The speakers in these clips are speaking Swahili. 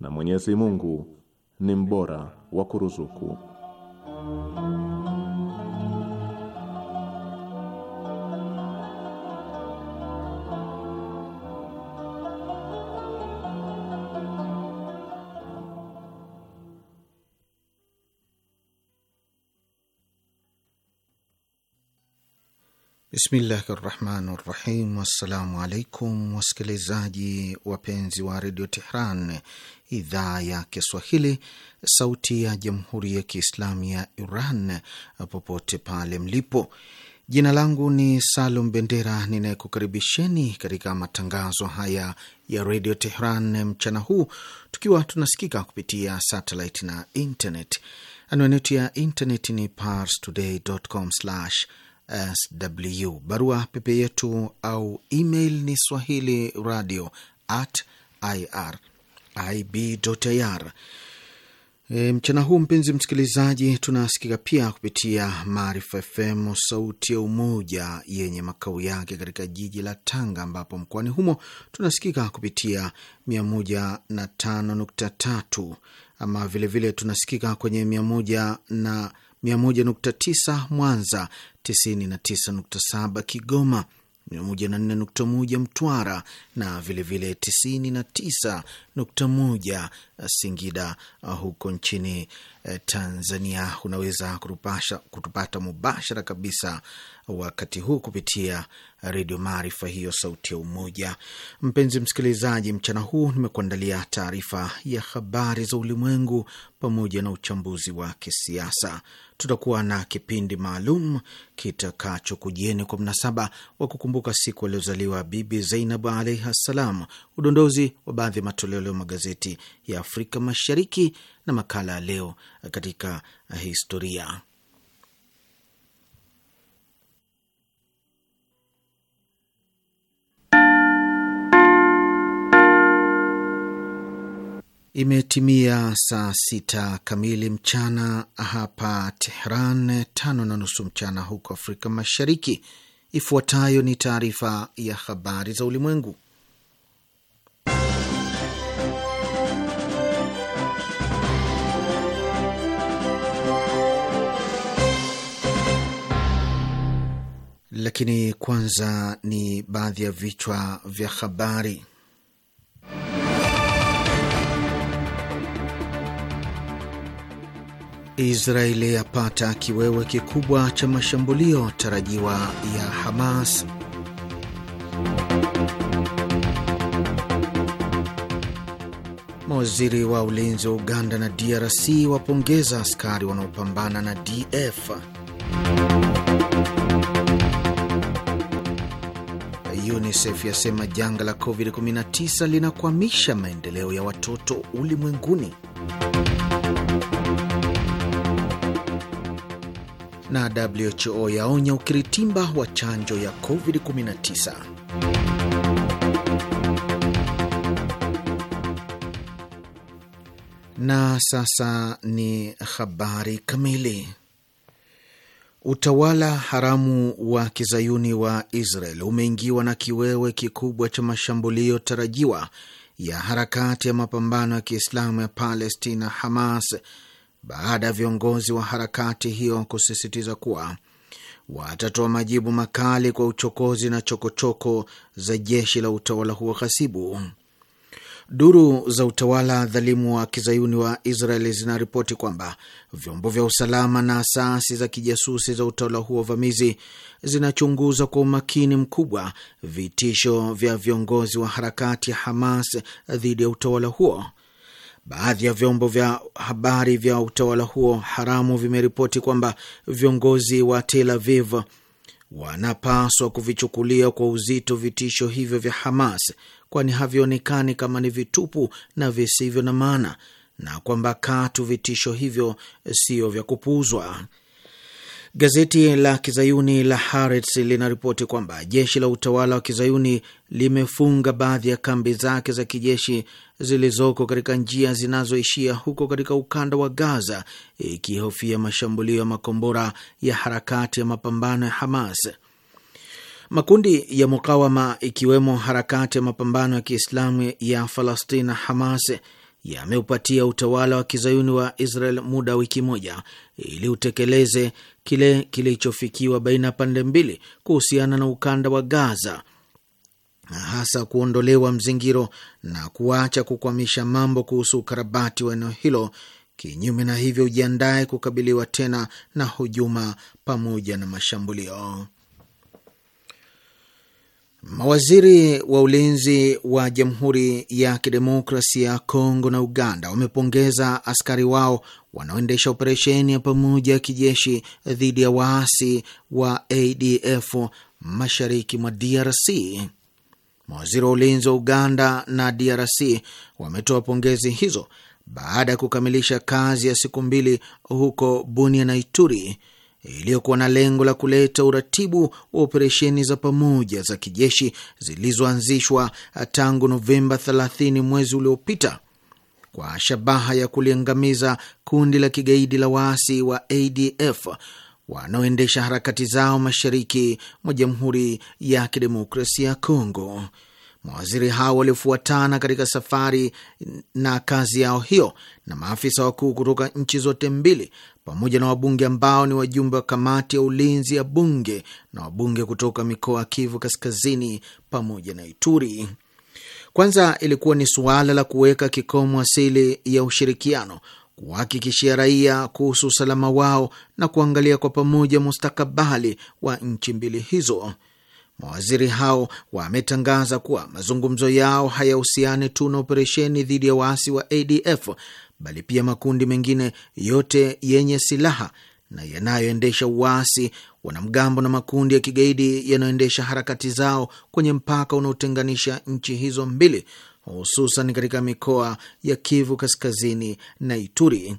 na Mwenyezi Mungu ni mbora wa kuruzuku. Bismillahi rahmani rahim. Wassalamu alaikum wasikilizaji wapenzi wa redio Tehran, idhaa ya Kiswahili, sauti ya jamhuri ya kiislamu ya Iran, popote pale mlipo. Jina langu ni Salum Bendera ninayekukaribisheni katika matangazo haya ya redio Tehran mchana huu, tukiwa tunasikika kupitia satellite na internet. Anwani yetu ya internet ni parstoday.com slash sw. Barua pepe yetu au email ni swahili radio at irib.ir. E, mchana huu mpenzi msikilizaji, tunasikika pia kupitia Maarifa FM sauti ya Umoja yenye makao yake katika jiji la Tanga, ambapo mkoani humo tunasikika kupitia 105.3, ama vilevile vile tunasikika kwenye 101.9 Mwanza, 99.7 Kigoma, 104.1 Mtwara na vilevile 99.1 Singida uh, huko nchini uh, Tanzania. Unaweza kutupasha, kutupata mubashara kabisa wakati huu kupitia Redio Maarifa, hiyo sauti ya Umoja. Mpenzi msikilizaji, mchana huu nimekuandalia taarifa ya habari za ulimwengu pamoja na uchambuzi wa kisiasa. Tutakuwa na kipindi maalum kitakachokujieni kwa mnasaba wa kukumbuka siku aliozaliwa Bibi zeinab alaihi ssalam, udondozi wa baadhi ya matoleo leo magazeti ya Afrika Mashariki na makala ya leo katika historia. Imetimia saa sita kamili mchana hapa Tehran, tano na nusu mchana huko Afrika Mashariki. Ifuatayo ni taarifa ya habari za ulimwengu, lakini kwanza ni baadhi ya vichwa vya habari. Israeli yapata kiwewe kikubwa cha mashambulio tarajiwa ya Hamas. Mawaziri wa ulinzi wa Uganda na DRC wapongeza askari wanaopambana na DF. UNICEF yasema janga la COVID-19 linakwamisha maendeleo ya watoto ulimwenguni. na WHO yaonya ukiritimba wa chanjo ya COVID-19. Na sasa ni habari kamili. Utawala haramu wa kizayuni wa Israel umeingiwa na kiwewe kikubwa cha mashambulio tarajiwa ya harakati ya mapambano ya Kiislamu ya Palestina, Hamas baada ya viongozi wa harakati hiyo kusisitiza kuwa watatoa majibu makali kwa uchokozi na chokochoko za jeshi la utawala huo ghasibu. Duru za utawala dhalimu wa kizayuni wa Israeli zinaripoti kwamba vyombo vya usalama na asasi za kijasusi za utawala huo vamizi zinachunguza kwa umakini mkubwa vitisho vya viongozi wa harakati ya Hamas dhidi ya utawala huo Baadhi ya vyombo vya habari vya utawala huo haramu vimeripoti kwamba viongozi wa Tel Aviv wanapaswa kuvichukulia kwa uzito vitisho hivyo vya Hamas, kwani havionekani kama ni vitupu na visivyo na maana, na kwamba katu vitisho hivyo sio vya kupuuzwa. Gazeti la kizayuni la Haaretz linaripoti kwamba jeshi la utawala wa kizayuni limefunga baadhi ya kambi zake za kijeshi zilizoko katika njia zinazoishia huko katika ukanda wa Gaza, ikihofia mashambulio ya makombora ya harakati ya mapambano ya Hamas. Makundi ya mukawama ikiwemo harakati ya mapambano ya Kiislamu ya Falastina, Hamas yameupatia utawala wa kizayuni wa Israel muda wiki moja ili utekeleze kile kilichofikiwa baina ya pande mbili kuhusiana na ukanda wa Gaza, hasa kuondolewa mzingiro na kuacha kukwamisha mambo kuhusu ukarabati wa eneo hilo. Kinyume na hivyo, ujiandaye kukabiliwa tena na hujuma pamoja na mashambulio. Mawaziri wa ulinzi wa Jamhuri ya Kidemokrasia ya Kongo na Uganda wamepongeza askari wao wanaoendesha operesheni ya pamoja ya kijeshi dhidi ya waasi wa ADF mashariki mwa DRC. Mawaziri wa ulinzi wa Uganda na DRC wametoa pongezi hizo baada ya kukamilisha kazi ya siku mbili huko Bunia na Ituri iliyokuwa na lengo la kuleta uratibu wa operesheni za pamoja za kijeshi zilizoanzishwa tangu Novemba 30 mwezi uliopita kwa shabaha ya kuliangamiza kundi la kigaidi la waasi wa ADF wanaoendesha harakati zao mashariki mwa Jamhuri ya Kidemokrasia ya Kongo. Mawaziri hao walifuatana katika safari na kazi yao hiyo na maafisa wakuu kutoka nchi zote mbili pamoja na wabunge ambao ni wajumbe wa kamati ya ulinzi ya bunge na wabunge kutoka mikoa ya Kivu Kaskazini pamoja na Ituri. Kwanza ilikuwa ni suala la kuweka kikomo asili ya ushirikiano, kuhakikishia raia kuhusu usalama wao na kuangalia kwa pamoja mustakabali wa nchi mbili hizo. Mawaziri hao wametangaza kuwa mazungumzo yao hayahusiani tu na operesheni dhidi ya waasi wa ADF bali pia makundi mengine yote yenye silaha na yanayoendesha uasi, wanamgambo na makundi ya kigaidi yanayoendesha harakati zao kwenye mpaka unaotenganisha nchi hizo mbili, hususan katika mikoa ya Kivu Kaskazini na Ituri.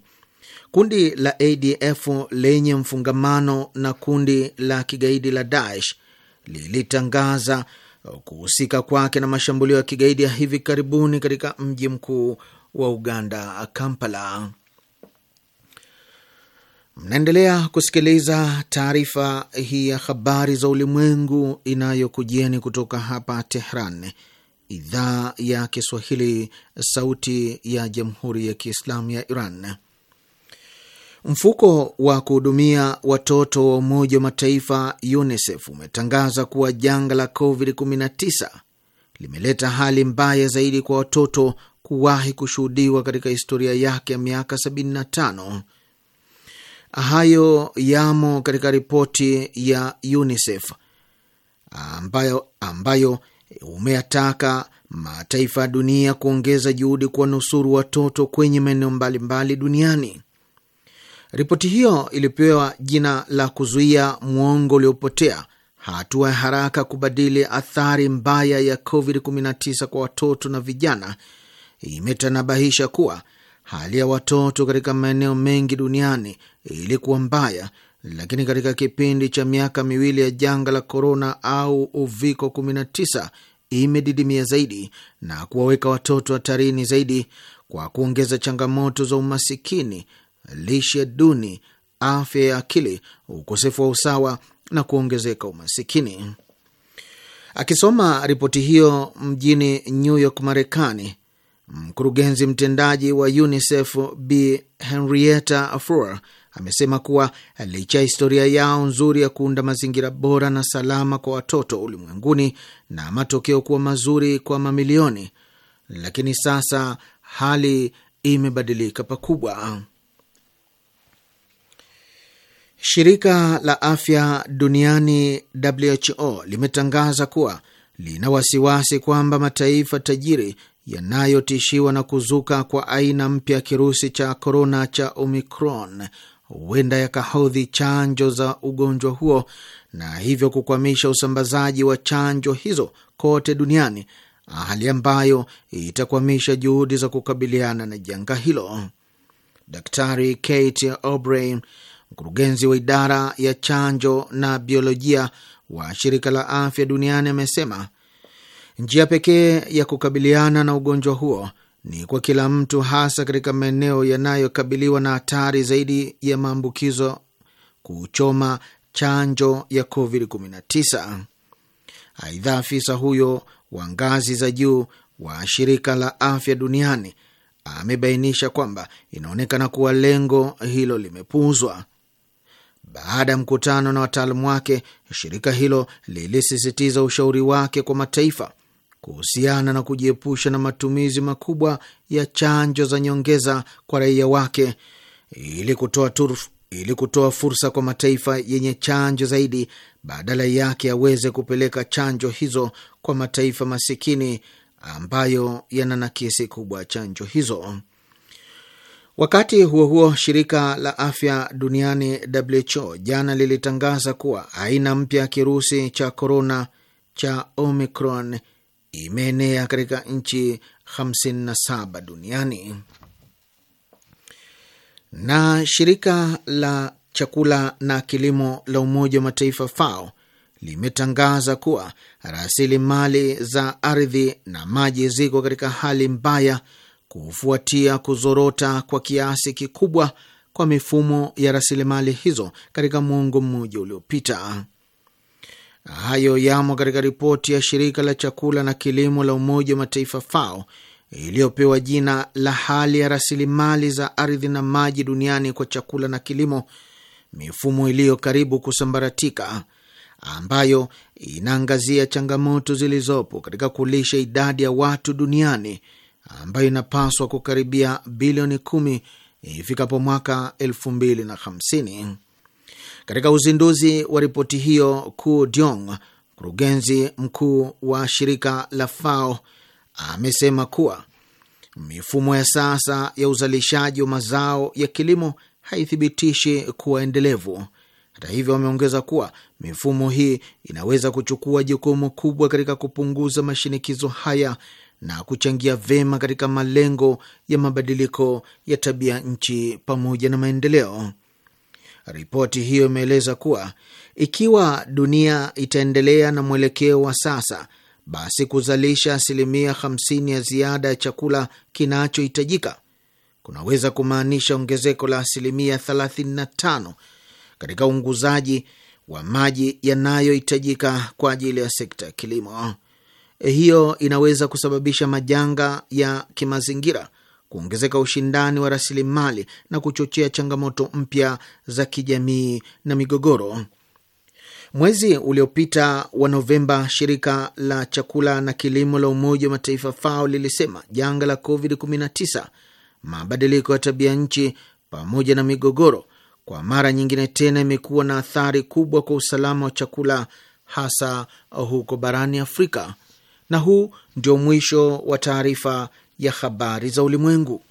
Kundi la ADF lenye mfungamano na kundi la kigaidi la Daesh lilitangaza kuhusika kwake na mashambulio ya kigaidi ya hivi karibuni katika mji mkuu wa Uganda, Kampala. Mnaendelea kusikiliza taarifa hii ya habari za ulimwengu inayokujieni kutoka hapa Tehran, idhaa ya Kiswahili, sauti ya jamhuri ya kiislamu ya Iran. Mfuko wa kuhudumia watoto wa Umoja wa Mataifa, UNICEF, umetangaza kuwa janga la COVID-19 limeleta hali mbaya zaidi kwa watoto kuwahi kushuhudiwa katika historia yake ya miaka 75. Hayo yamo katika ripoti ya UNICEF ambayo, ambayo umeataka mataifa ya dunia kuongeza juhudi kuwanusuru watoto kwenye maeneo mbalimbali duniani. Ripoti hiyo ilipewa jina la kuzuia mwongo uliopotea, hatua ya haraka kubadili athari mbaya ya COVID-19 kwa watoto na vijana imetanabahisha kuwa hali ya watoto katika maeneo mengi duniani ilikuwa mbaya, lakini katika kipindi cha miaka miwili ya janga la korona au uviko 19 imedidimia zaidi na kuwaweka watoto hatarini zaidi kwa kuongeza changamoto za umasikini, lishe duni, afya ya akili, ukosefu wa usawa na kuongezeka umasikini. Akisoma ripoti hiyo mjini New York, Marekani, Mkurugenzi mtendaji wa UNICEF B Henrietta Fore amesema kuwa licha ya historia yao nzuri ya kuunda mazingira bora na salama kwa watoto ulimwenguni na matokeo kuwa mazuri kwa mamilioni, lakini sasa hali imebadilika pakubwa. Shirika la afya duniani WHO limetangaza kuwa lina wasiwasi kwamba mataifa tajiri yanayotishiwa na kuzuka kwa aina mpya ya kirusi cha korona cha Omicron huenda yakahodhi chanjo za ugonjwa huo na hivyo kukwamisha usambazaji wa chanjo hizo kote duniani, hali ambayo itakwamisha juhudi za kukabiliana na janga hilo. Daktari Kate O'Brien, mkurugenzi wa idara ya chanjo na biolojia wa shirika la afya duniani, amesema Njia pekee ya kukabiliana na ugonjwa huo ni kwa kila mtu, hasa katika maeneo yanayokabiliwa na hatari zaidi ya maambukizo, kuchoma chanjo ya COVID-19. Aidha, afisa huyo wa ngazi za juu wa shirika la afya duniani amebainisha kwamba inaonekana kuwa lengo hilo limepuuzwa. Baada ya mkutano na wataalamu wake, shirika hilo lilisisitiza ushauri wake kwa mataifa kuhusiana na kujiepusha na matumizi makubwa ya chanjo za nyongeza kwa raia wake ili kutoa turf, ili kutoa fursa kwa mataifa yenye chanjo zaidi badala yake yaweze kupeleka chanjo hizo kwa mataifa masikini ambayo yana nakisi kubwa chanjo hizo. Wakati huo huo, shirika la afya duniani WHO jana lilitangaza kuwa aina mpya ya kirusi cha korona cha Omicron imeenea katika nchi 57 duniani. Na shirika la chakula na kilimo la Umoja wa Mataifa FAO limetangaza kuwa rasilimali za ardhi na maji ziko katika hali mbaya kufuatia kuzorota kwa kiasi kikubwa kwa mifumo ya rasilimali hizo katika mwongo mmoja uliopita. Hayo yamo katika ripoti ya shirika la chakula na kilimo la Umoja wa Mataifa FAO iliyopewa jina la hali ya rasilimali za ardhi na maji duniani kwa chakula na kilimo, mifumo iliyo karibu kusambaratika, ambayo inaangazia changamoto zilizopo katika kulisha idadi ya watu duniani ambayo inapaswa kukaribia bilioni kumi ifikapo mwaka elfu mbili na hamsini. Katika uzinduzi wa ripoti hiyo, Ku Diong, mkurugenzi mkuu wa shirika la FAO, amesema kuwa mifumo ya sasa ya uzalishaji wa mazao ya kilimo haithibitishi kuwa endelevu. Hata hivyo, wameongeza kuwa mifumo hii inaweza kuchukua jukumu kubwa katika kupunguza mashinikizo haya na kuchangia vema katika malengo ya mabadiliko ya tabia nchi pamoja na maendeleo. Ripoti hiyo imeeleza kuwa ikiwa dunia itaendelea na mwelekeo wa sasa, basi kuzalisha asilimia 50 ya ziada ya chakula kinachohitajika kunaweza kumaanisha ongezeko la asilimia 35 katika uunguzaji wa maji yanayohitajika kwa ajili ya sekta ya kilimo. Eh, hiyo inaweza kusababisha majanga ya kimazingira kuongezeka ushindani wa rasilimali na kuchochea changamoto mpya za kijamii na migogoro. Mwezi uliopita wa Novemba, shirika la chakula na kilimo la Umoja wa Mataifa FAO lilisema janga la COVID-19, mabadiliko ya tabia nchi pamoja na migogoro, kwa mara nyingine tena imekuwa na athari kubwa kwa usalama wa chakula hasa huko barani Afrika. Na huu ndio mwisho wa taarifa ya habari za ulimwengu.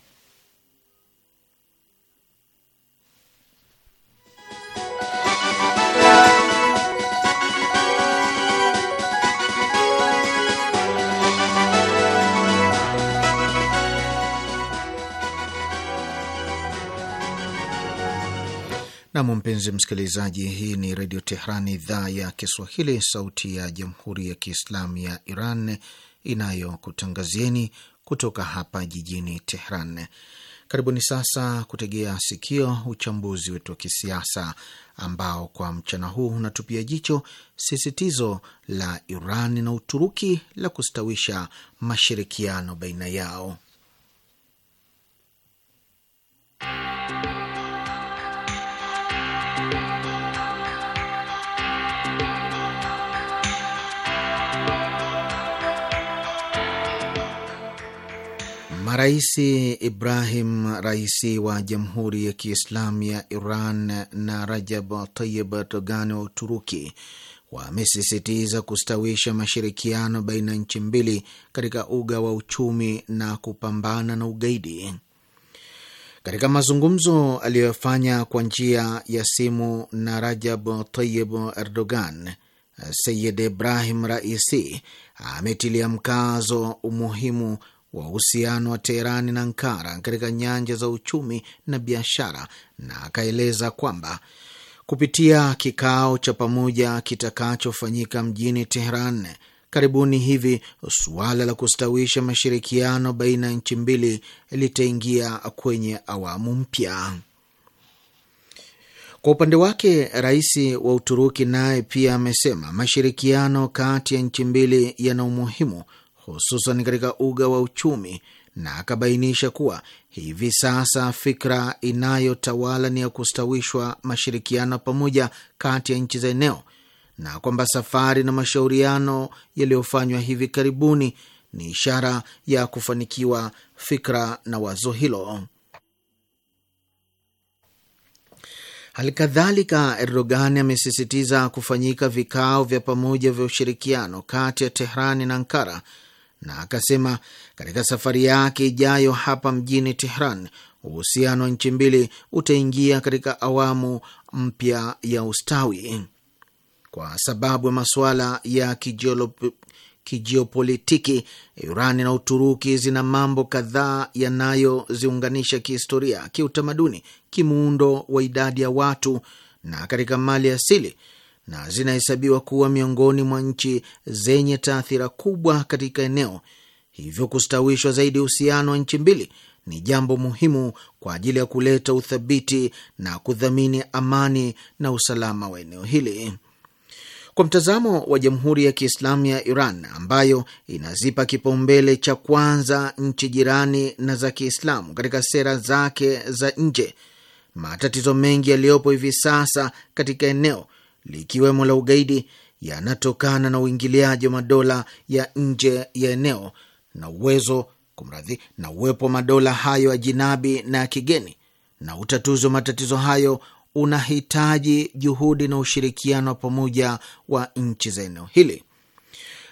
Nam, mpenzi msikilizaji, hii ni Redio Tehran, idhaa ya Kiswahili, sauti ya Jamhuri ya Kiislamu ya Iran inayokutangazieni kutoka hapa jijini Tehran. Karibuni sasa kutegea sikio uchambuzi wetu wa kisiasa ambao kwa mchana huu unatupia jicho sisitizo la Iran na Uturuki la kustawisha mashirikiano baina yao. Rais Ibrahim Raisi wa Jamhuri ya Kiislamu ya Iran na Rajab Tayyib Erdogan wa Uturuki wamesisitiza kustawisha mashirikiano baina ya nchi mbili katika uga wa uchumi na kupambana na ugaidi. Katika mazungumzo aliyofanya kwa njia ya simu na Rajab Tayyib Erdogan, Sayid Ibrahim Raisi ametilia mkazo umuhimu wa uhusiano wa Teherani na Ankara katika nyanja za uchumi na biashara, na akaeleza kwamba kupitia kikao cha pamoja kitakachofanyika mjini Teheran karibuni hivi, suala la kustawisha mashirikiano baina ya nchi mbili litaingia kwenye awamu mpya. Kwa upande wake, rais wa Uturuki naye pia amesema mashirikiano kati ya nchi mbili yana umuhimu hususan katika uga wa uchumi, na akabainisha kuwa hivi sasa fikra inayotawala ni ya kustawishwa mashirikiano pamoja kati ya nchi za eneo na kwamba safari na mashauriano yaliyofanywa hivi karibuni ni ishara ya kufanikiwa fikra na wazo hilo. Halikadhalika, Erdogan amesisitiza kufanyika vikao vya pamoja vya ushirikiano kati ya Tehrani na Ankara na akasema katika safari yake ijayo hapa mjini Tehran, uhusiano wa nchi mbili utaingia katika awamu mpya ya ustawi kwa sababu ya masuala ya kijiolop kijiopolitiki Irani na Uturuki zina mambo kadhaa yanayoziunganisha kihistoria, kiutamaduni, kimuundo wa idadi ya watu na katika mali asili, na zinahesabiwa kuwa miongoni mwa nchi zenye taathira kubwa katika eneo, hivyo kustawishwa zaidi uhusiano wa nchi mbili ni jambo muhimu kwa ajili ya kuleta uthabiti na kudhamini amani na usalama wa eneo hili. Kwa mtazamo wa Jamhuri ya Kiislamu ya Iran ambayo inazipa kipaumbele cha kwanza nchi jirani na za Kiislamu katika sera zake za nje, matatizo mengi yaliyopo hivi sasa katika eneo likiwemo la ugaidi yanatokana na uingiliaji wa madola ya nje ya eneo na uwezo kumradhi, na uwepo wa madola hayo ya jinabi na ya kigeni, na utatuzi wa matatizo hayo unahitaji juhudi na ushirikiano wa pamoja wa nchi za eneo hili.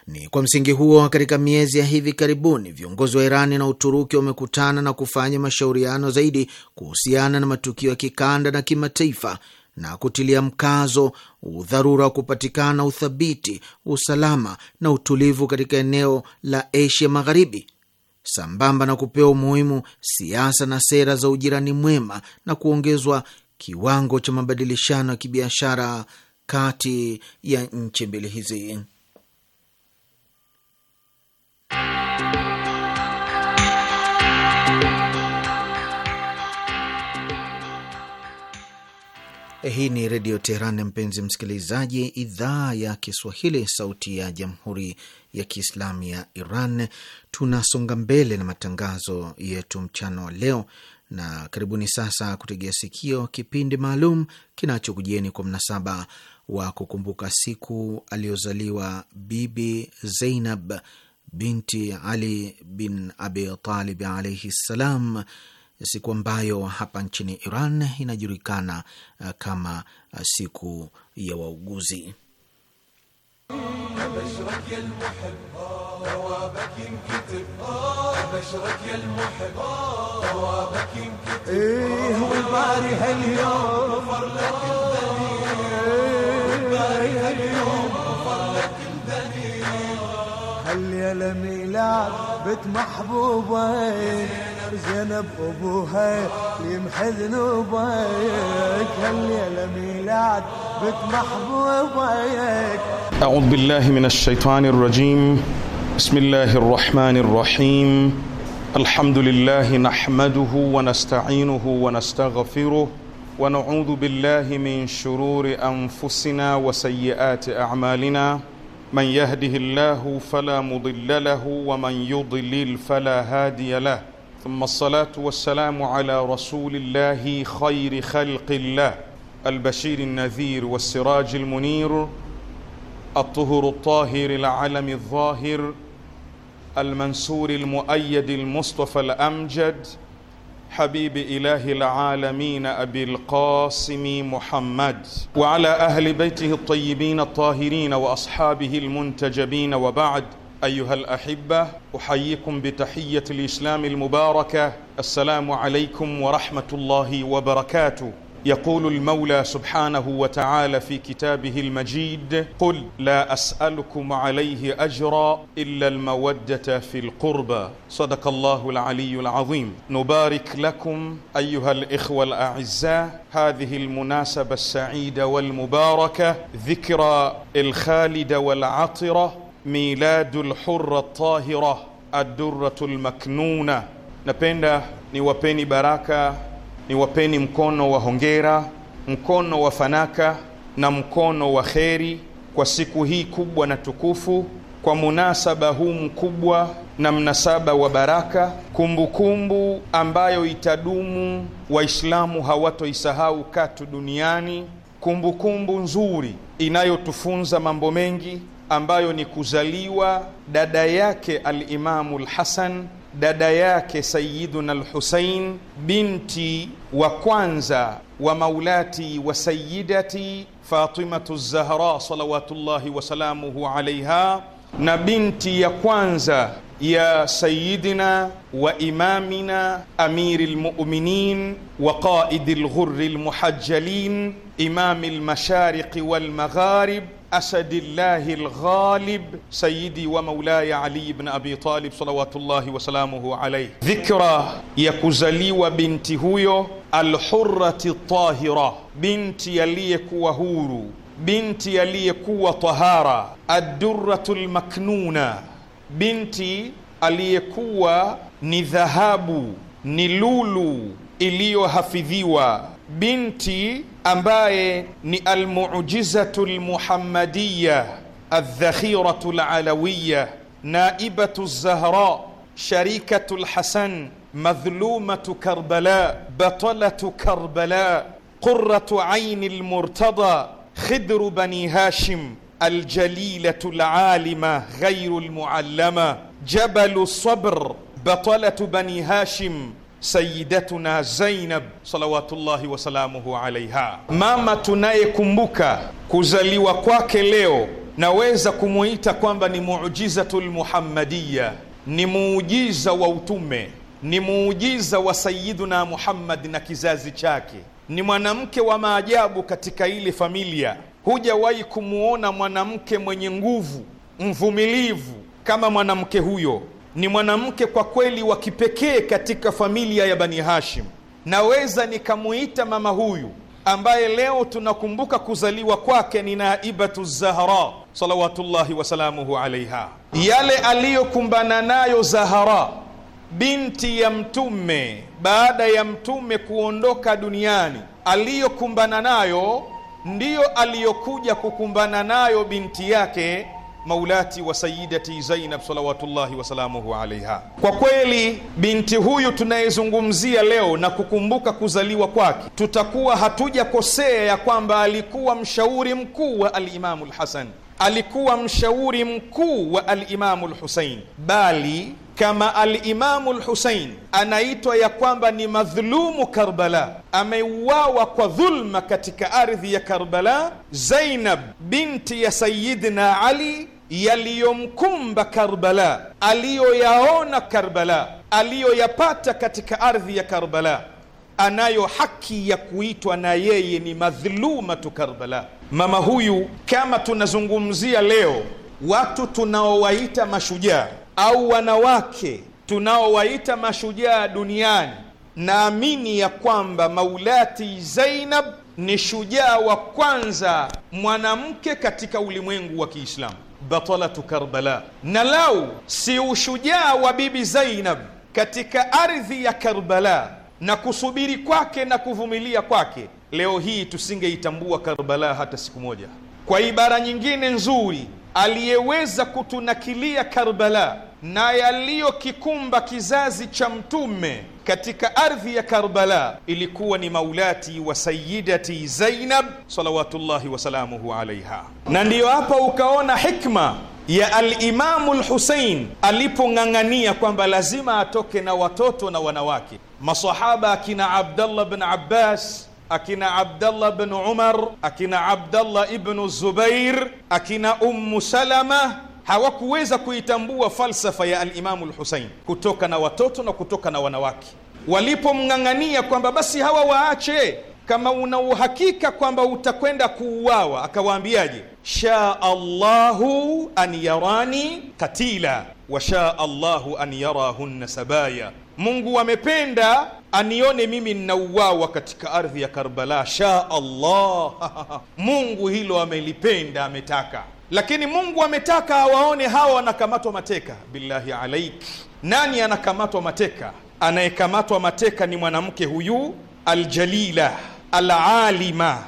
Ni kwa msingi huo, katika miezi ya hivi karibuni viongozi wa Irani na Uturuki wamekutana na kufanya mashauriano zaidi kuhusiana na matukio ya kikanda na kimataifa na kutilia mkazo udharura wa kupatikana uthabiti, usalama na utulivu katika eneo la Asia Magharibi, sambamba na kupewa umuhimu siasa na sera za ujirani mwema na kuongezwa kiwango cha mabadilishano ya kibiashara kati ya nchi mbili hizi. Hii ni Redio Teheran, mpenzi msikilizaji, idhaa ya Kiswahili, sauti ya Jamhuri ya Kiislamu ya Iran. Tunasonga mbele na matangazo yetu mchana wa leo, na karibuni sasa kutegea sikio kipindi maalum kinachokujieni kwa mnasaba wa kukumbuka siku aliyozaliwa Bibi Zeinab binti Ali bin Abi Talib alaihi ssalam siku ambayo hapa nchini Iran inajulikana eh, kama eh, siku ya wauguzi. Eh, زينب ابوها يمحي ذنوبك هالليله ميلاد بنت محبوبك اعوذ بالله من الشيطان الرجيم بسم الله الرحمن الرحيم الحمد لله نحمده ونستعينه ونستغفره ونعوذ بالله من شرور انفسنا وسيئات اعمالنا من يهده الله فلا مضل له ومن يضلل فلا هادي له ثم الصلاة والسلام على رسول الله خير خلق الله البشير النذير والسراج المنير الطهر الطاهر العلم الظاهر المنصور المؤيد المصطفى الأمجد حبيب إله العالمين أبي القاسم محمد وعلى أهل بيته الطيبين الطاهرين وأصحابه المنتجبين وبعد أيها الأحبة أحييكم بتحية الإسلام المباركة السلام عليكم ورحمة الله وبركاته يقول المولى سبحانه وتعالى في كتابه المجيد قل لا أسألكم عليه أجرا إلا المودة في القربى صدق الله العلي العظيم نبارك لكم أيها الإخوة الأعزاء هذه المناسبة السعيدة والمباركة ذكرى الخالدة والعطرة miladu lhura tahira adurratu lmaknuna. Napenda niwapeni baraka, niwapeni mkono wa hongera, mkono wa fanaka na mkono wa kheri kwa siku hii kubwa na tukufu, kwa munasaba huu mkubwa na mnasaba wa baraka, kumbukumbu kumbu ambayo itadumu, Waislamu hawatoisahau katu duniani, kumbukumbu kumbu nzuri inayotufunza mambo mengi ambayo ni kuzaliwa dada yake Alimamu Lhasan, dada yake Sayiduna Lhusain, binti wa kwanza wa maulati wa sayidati Fatimatu Zahra salawatullahi wasalamuhu alaiha, na binti ya kwanza ya sayidina wa imamina amiri lmuminin wa qaidi lghurri lmuhajjalin imami lmashariqi walmagharib asadillahi lghalib sayidi wa maulaya Ali ibn Abi Talib salawatullahi wasalamuhu alaihi. Dhikra ya kuzaliwa binti huyo alhurrati tahira, binti aliyekuwa huru, binti aliyekuwa tahara, addurratu lmaknuna, binti aliyekuwa ni dhahabu, ni lulu iliyohafidhiwa, binti ambaye ni almujizatu lmuhammadiya aldhakhiratu lalawiya naibatu zahra sharikatu lhasan madhlumatu karbala batalatu karbala quratu aini lmurtada khidru bani hashim aljalilatu lalima ghairu lmualama jabalu sabr batalatu bani hashim sayidatuna Zainab salawatullahi wasalamuhu alaiha, mama tunayekumbuka kuzaliwa kwake leo, naweza kumuita kwamba ni mujizatu lmuhammadiya ni muujiza wa utume, ni muujiza wa Sayiduna Muhammad na kizazi chake. Ni mwanamke wa maajabu katika ile familia. Hujawahi kumwona mwanamke mwenye nguvu, mvumilivu kama mwanamke huyo ni mwanamke kwa kweli wa kipekee katika familia ya Bani Hashim. Naweza nikamuita mama huyu ambaye leo tunakumbuka kuzaliwa kwake ni Naibatu Zahra salawatullahi wasalamuhu alaiha, yale aliyokumbana nayo Zahara binti ya Mtume baada ya Mtume kuondoka duniani, aliyokumbana nayo ndiyo aliyokuja kukumbana nayo binti yake maulati wa sayidati Zainab salawatullahi wasalamuhu alaiha. Kwa kweli binti huyu tunayezungumzia leo na kukumbuka kuzaliwa kwake, tutakuwa hatujakosea ya kwamba alikuwa mshauri mkuu wa Alimamu Lhasan, alikuwa mshauri mkuu wa Alimamu Lhusein, bali kama Alimamu Lhusein anaitwa ya kwamba ni madhulumu Karbala, ameuawa kwa dhulma katika ardhi ya Karbala. Zainab binti ya Sayidina Ali yaliyomkumba Karbala, aliyoyaona Karbala, aliyoyapata katika ardhi ya Karbala, anayo haki ya kuitwa na yeye ni madhlumatu Karbala. Mama huyu kama tunazungumzia leo watu tunaowaita mashujaa au wanawake tunaowaita mashujaa duniani, naamini ya kwamba Maulati Zainab ni shujaa wa kwanza mwanamke katika ulimwengu wa Kiislamu batalatu Karbala, na lau si ushujaa wa Bibi Zainab katika ardhi ya Karbala na kusubiri kwake na kuvumilia kwake, leo hii tusingeitambua Karbala hata siku moja. Kwa ibara nyingine nzuri, aliyeweza kutunakilia Karbala na yaliyokikumba kizazi cha Mtume katika ardhi ya Karbala ilikuwa ni maulati wa Sayidati Zainab salawatullahi wasalamuhu alaiha, na ndiyo hapa ukaona hikma ya Alimamu Lhusein alipong'ang'ania kwamba lazima atoke na watoto na wanawake masahaba, akina Abdallah bn Abbas akina Abdallah bin Umar akina Abdallah ibnu Zubair akina Ummu Salama hawakuweza kuitambua falsafa ya alimamu lhusain kutoka na watoto na kutoka na wanawake, walipomng'ang'ania kwamba basi hawa waache, kama una uhakika kwamba utakwenda kuuawa, akawaambiaje? shaa allahu an yarani katila wa shaa allahu an yarahunna sabaya, Mungu amependa anione mimi ninauawa katika ardhi ya Karbala. Shaa Allah, Mungu hilo amelipenda, ametaka lakini Mungu ametaka awaone hawa wanakamatwa mateka. Billahi alaik, nani anakamatwa mateka? Anayekamatwa mateka ni mwanamke huyu aljalila alalima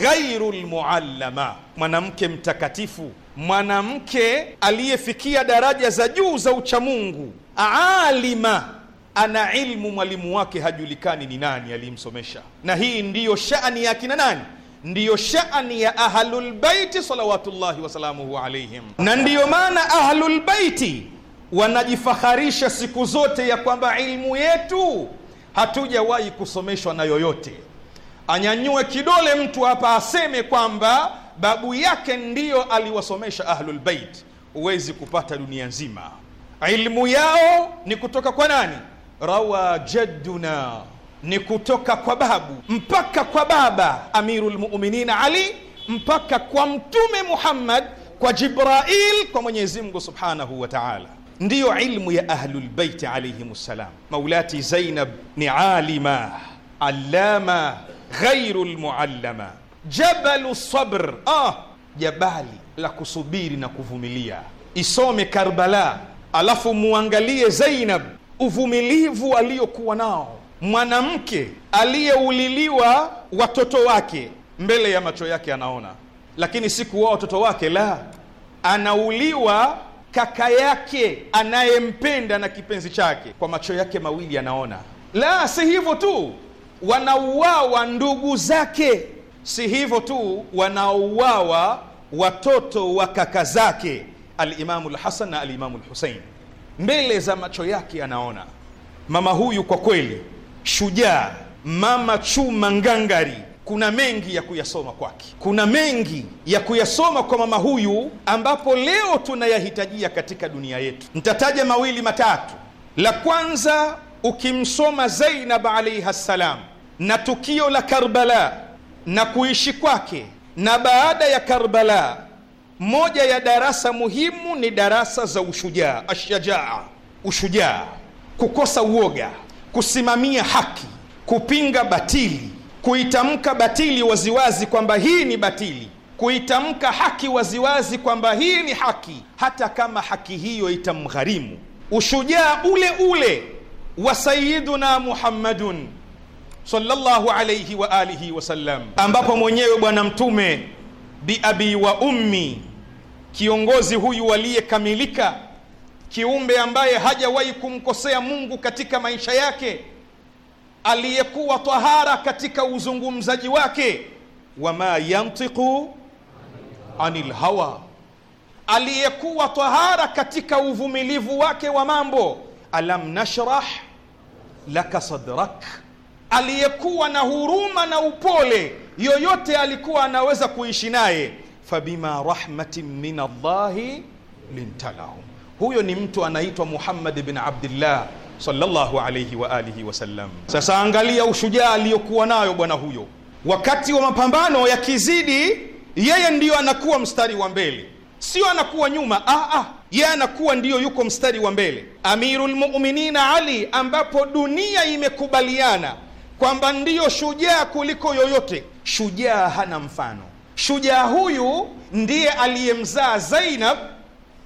ghairu lmuallama, mwanamke mtakatifu, mwanamke aliyefikia daraja za juu za uchamungu. Alima, ana ilmu, mwalimu wake hajulikani ni nani aliyemsomesha, na hii ndiyo shani ya kina nani ndiyo shaani ya ahlulbaiti salawatullahi wasalamuhu alaihim, na ndiyo maana ahlulbaiti wanajifaharisha siku zote ya kwamba ilmu yetu hatujawahi kusomeshwa na yoyote. Anyanyue kidole mtu hapa aseme kwamba babu yake ndiyo aliwasomesha ahlulbeit, huwezi kupata dunia nzima. Ilmu yao ni kutoka kwa nani? rawa jadduna ni kutoka kwa babu mpaka kwa baba amiru lmuminin Ali mpaka kwa Mtume Muhammad kwa Jibrail kwa Mwenyezi Mungu Subhanahu wa Ta'ala. Ndiyo ilmu ya Ahlulbeiti alaihim ssalam. Maulati Zainab ni alima allama ghairu lmuallama jabalu sabr, ah, jabali la kusubiri na kuvumilia. Isome Karbala alafu muangalie Zainab, uvumilivu aliyokuwa nao mwanamke aliyeuliliwa watoto wake mbele ya macho yake anaona, lakini si kuoa watoto wake, la, anauliwa kaka yake anayempenda na kipenzi chake, kwa macho yake mawili anaona. La, si hivyo tu, wanauawa ndugu zake. Si hivyo tu, wanauawa watoto wa kaka zake Alimamu Lhasan na Alimamu Lhusein, mbele za macho yake anaona. Mama huyu kwa kweli shujaa, mama chuma ngangari. Kuna mengi ya kuyasoma kwake, kuna mengi ya kuyasoma kwa mama huyu, ambapo leo tunayahitajia katika dunia yetu. Nitataja mawili matatu. La kwanza, ukimsoma Zainab alaihi ssalam na tukio la Karbala na kuishi kwake na baada ya Karbala, moja ya darasa muhimu ni darasa za ushujaa, ashajaa, ushujaa, kukosa uoga kusimamia haki, kupinga batili, kuitamka batili waziwazi kwamba hii ni batili, kuitamka haki waziwazi kwamba hii ni haki, hata kama haki hiyo itamgharimu. Ushujaa ule ule wa Sayiduna Muhammadun sallallahu alayhi wa alihi wasallam, ambapo mwenyewe Bwana Mtume biabi wa ummi, kiongozi huyu aliyekamilika kiumbe ambaye hajawahi kumkosea Mungu katika maisha yake, aliyekuwa tahara katika uzungumzaji wake, wama yantiqu anil hawa, aliyekuwa tahara katika uvumilivu wake wa mambo, alam nashrah laka sadrak, aliyekuwa na huruma na upole, yoyote alikuwa anaweza kuishi naye. Fabima rahmatin min Allahi lintalahum huyo ni mtu anaitwa Muhammad bin Abdillah sallallahu alayhi wa alihi sallam. Sasa angalia ushujaa aliyokuwa nayo bwana huyo, wakati wa mapambano yakizidi, yeye ndiyo anakuwa mstari wa mbele, sio anakuwa nyuma. Ah, ah, yeye anakuwa ndiyo yuko mstari wa mbele. Amirul Mu'minin Ali, ambapo dunia imekubaliana kwamba ndiyo shujaa kuliko yoyote, shujaa hana mfano. Shujaa huyu ndiye aliyemzaa Zainab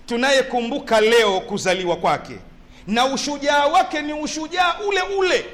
tunayekumbuka leo kuzaliwa kwake na ushujaa wake ni ushujaa ule ule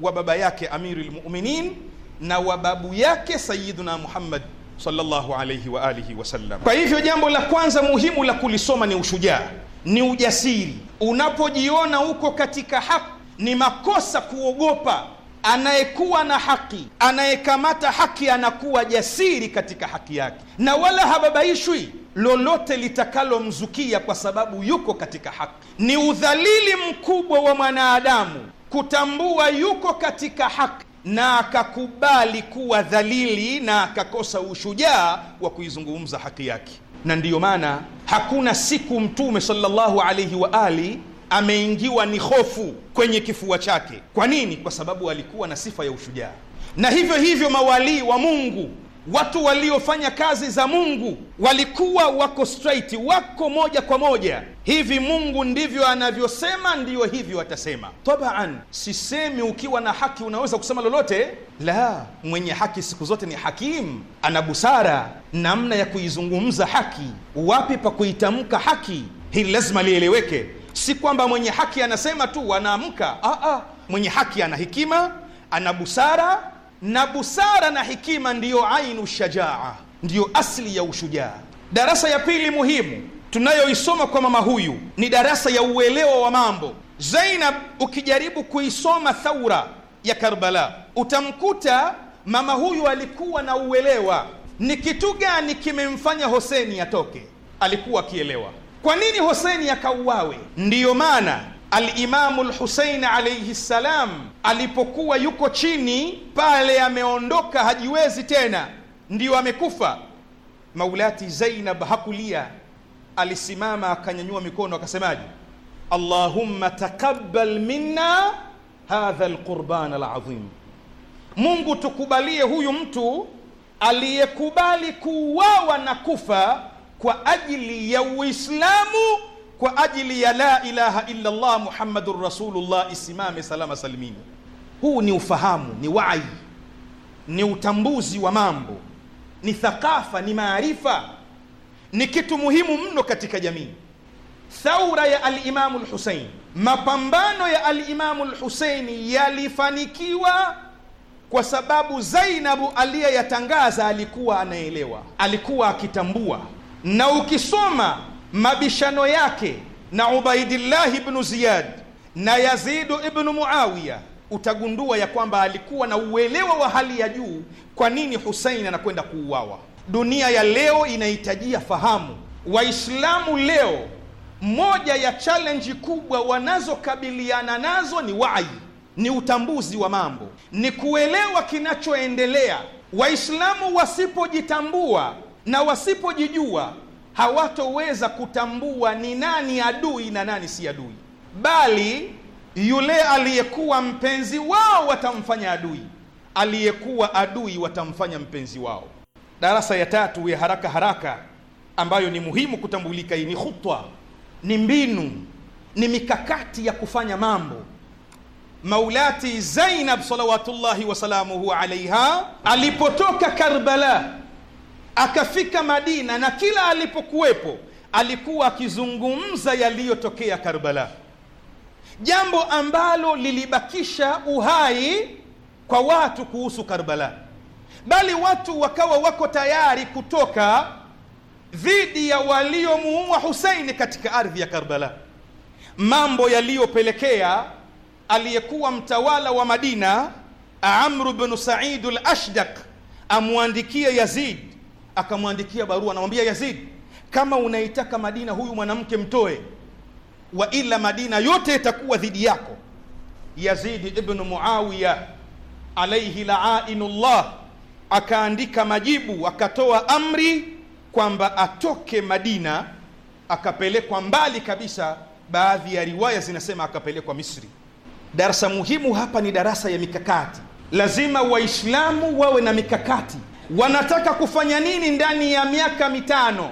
wa baba yake Amiru lmuminin na wa babu yake Sayiduna Muhammad sallallahu alayhi wa alihi wasallam. Kwa hivyo jambo la kwanza muhimu la kulisoma ni ushujaa, ni ujasiri. Unapojiona uko katika haki, ni makosa kuogopa Anayekuwa na haki, anayekamata haki, anakuwa jasiri katika haki yake na wala hababaishwi lolote litakalomzukia, kwa sababu yuko katika haki. Ni udhalili mkubwa wa mwanadamu kutambua yuko katika haki na akakubali kuwa dhalili na akakosa ushujaa wa kuizungumza haki yake, na ndiyo maana hakuna siku Mtume sallallahu alaihi wa ameingiwa ni hofu kwenye kifua chake. Kwa nini? Kwa sababu alikuwa na sifa ya ushujaa. Na hivyo hivyo mawalii wa Mungu, watu waliofanya kazi za Mungu walikuwa wako straight, wako moja kwa moja. Hivi Mungu ndivyo anavyosema, ndiyo hivyo atasema. Tabaan, sisemi ukiwa na haki unaweza kusema lolote la. Mwenye haki siku zote ni hakimu, ana busara, namna ya kuizungumza haki, wapi pa kuitamka haki. Hili lazima lieleweke si kwamba mwenye haki anasema tu anaamka. Ah, ah, mwenye haki ana hekima, ana busara, na busara na hekima ndiyo ainu shajaa, ndiyo asli ya ushujaa. Darasa ya pili muhimu tunayoisoma kwa mama huyu ni darasa ya uelewa wa mambo. Zainab, ukijaribu kuisoma thaura ya Karbala utamkuta mama huyu alikuwa na uelewa. Ni kitu gani kimemfanya Hoseni atoke? Alikuwa akielewa kwa nini Hussein akauawe? Ndiyo maana Alimamu Lhusein alaihi ssalam alipokuwa yuko chini pale, ameondoka hajiwezi tena, ndiyo amekufa. Maulati Zainab hakulia, alisimama akanyanyua mikono akasemaje? Allahumma taqabbal minna hadha lqurban alazim, Mungu tukubalie huyu mtu aliyekubali kuuawa na kufa kwa ajili ya Uislamu, kwa ajili ya la ilaha illa Allah Muhammadur Rasulullah isimame salama salimini. Huu ni ufahamu, ni wai, ni utambuzi wa mambo, ni thakafa, ni maarifa, ni kitu muhimu mno katika jamii. Thaura ya Alimamu Lhusein, mapambano ya Alimamu Lhuseini yalifanikiwa kwa sababu Zainabu aliyeyatangaza alikuwa anaelewa, alikuwa akitambua na ukisoma mabishano yake na Ubaidillah bnu Ziyad na Yazidu ibnu Muawiya utagundua ya kwamba alikuwa na uelewa wa hali ya juu kwa nini Husein anakwenda kuuawa. Dunia ya leo inahitajia fahamu. Waislamu leo, moja ya challenge kubwa wanazokabiliana nazo ni wai, ni utambuzi wa mambo, ni kuelewa kinachoendelea. Waislamu wasipojitambua na wasipojijua hawatoweza kutambua ni nani adui na nani si adui, bali yule aliyekuwa mpenzi wao watamfanya adui, aliyekuwa adui watamfanya mpenzi wao. Darasa ya tatu ya haraka haraka ambayo ni muhimu kutambulika, hii ni khutwa, ni mbinu, ni mikakati ya kufanya mambo. Maulati Zainab salawatullahi wasalamuhu alaiha alipotoka Karbala akafika Madina, na kila alipokuwepo alikuwa akizungumza yaliyotokea Karbala, jambo ambalo lilibakisha uhai kwa watu kuhusu Karbala, bali watu wakawa wako tayari kutoka dhidi ya waliomuua Huseini katika ardhi ya Karbala, mambo yaliyopelekea aliyekuwa mtawala wa Madina Amru bnu Said al-Ashdaq amwandikie Yazid akamwandikia barua, anamwambia Yazid, kama unaitaka Madina huyu mwanamke mtoe, wa ila Madina yote itakuwa dhidi yako. Yazid ibn Muawiya alaihi laainullah akaandika majibu, akatoa amri kwamba atoke Madina, akapelekwa mbali kabisa. Baadhi ya riwaya zinasema akapelekwa Misri. Darasa muhimu hapa ni darasa ya mikakati. Lazima Waislamu wawe na mikakati wanataka kufanya nini ndani ya miaka mitano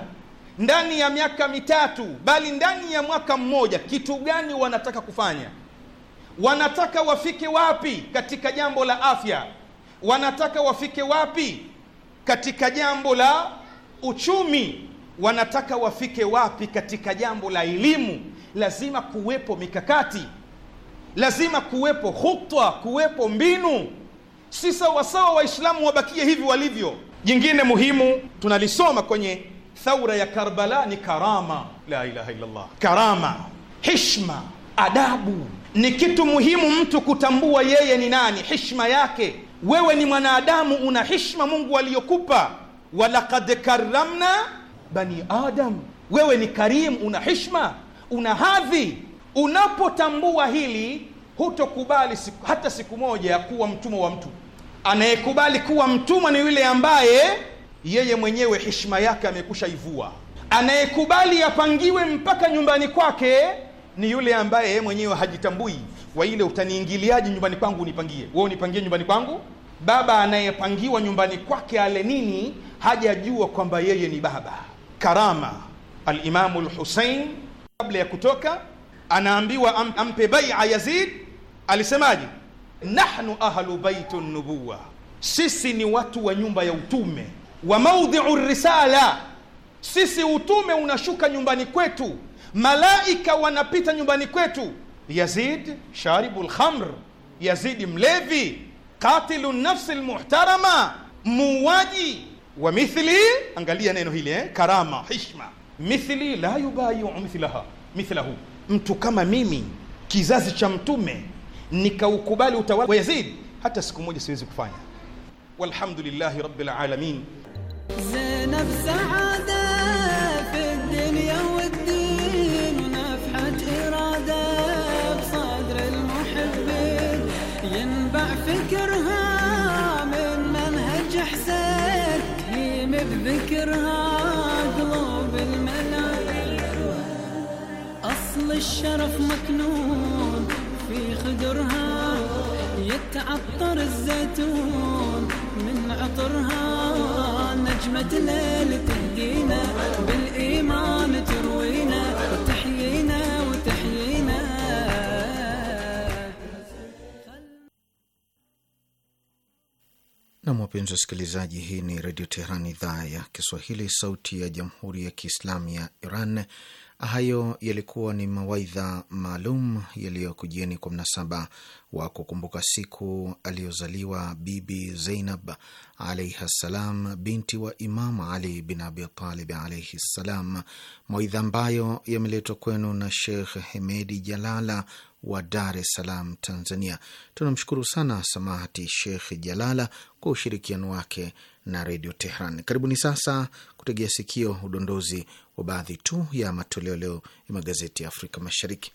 ndani ya miaka mitatu bali ndani ya mwaka mmoja kitu gani wanataka kufanya wanataka wafike wapi katika jambo la afya wanataka wafike wapi katika jambo la uchumi wanataka wafike wapi katika jambo la elimu lazima kuwepo mikakati lazima kuwepo hutwa kuwepo mbinu si sawasawa Waislamu wabakie hivi walivyo. Jingine muhimu tunalisoma kwenye thaura ya Karbala ni karama, la ilaha illallah. Karama, hishma, adabu ni kitu muhimu, mtu kutambua yeye ni nani, hishma yake. Wewe ni mwanadamu, una hishma Mungu aliyokupa. Walakad karamna bani adam, wewe ni karimu, una hishma, una hadhi. Unapotambua hili hutokubali siku, hata siku moja ya kuwa mtumwa wa mtu. Anayekubali kuwa mtumwa ni yule ambaye yeye mwenyewe heshima yake amekusha ivua Anayekubali apangiwe mpaka nyumbani kwake ni yule ambaye yeye mwenyewe hajitambui. Wa ile utaniingiliaje nyumbani kwangu unipangie wewe, unipangie nyumbani kwangu? Baba anayepangiwa nyumbani kwake ale nini, hajajua kwamba yeye ni baba. Karama Alimamu Lhusein kabla ya kutoka anaambiwa ampe baia Yazid Alisemaje? nahnu ahlu baitu nubuwa, sisi ni watu wa nyumba ya utume. Wa maudhiu risala, sisi utume unashuka nyumbani kwetu, malaika wanapita nyumbani kwetu. Yazid sharibu lkhamr, Yazidi mlevi, qatilu nafsi lmuhtarama, muuaji wa mithli. Angalia neno hili eh, karama, hishma. Mithli la yubayiu mithlaha, mithlahu, mtu kama mimi, kizazi cha Mtume nikaukubali utawala wa Yazid, hata siku moja siwezi kufanya. Walhamdulillahi rabbil alamin. زينب سعادة في الدنيا والدين ونفحة إرادة بصدر المحبين ينبع فكرها من منهج حسين تهيم بذكرها قلوب الملايين أصل الشرف مكنون خدرها يتعطر الزيتون من عطرها نجمة ليل تهدينا بالإيمان تروينا وتحيينا وتحيينا Nam, wapenzi wasikilizaji, hii ni Redio Teheran, idhaa ya Kiswahili, sauti ya Jamhuri ya Kiislamu ya Iran Hayo yalikuwa ni mawaidha maalum yaliyokujieni kwa mnasaba wa kukumbuka siku aliyozaliwa Bibi Zeinab alaihi ssalam, binti wa Imamu Ali bin Abitalib alaihi ssalam, mawaidha ambayo yameletwa kwenu na Sheikh Hemedi Jalala wa Dar es Salaam, Tanzania. Tunamshukuru sana samahati Sheikh Jalala kwa ushirikiano wake na Redio Tehran. Karibuni sasa kutegea sikio udondozi wa baadhi tu ya matoleo leo ya magazeti ya Afrika Mashariki.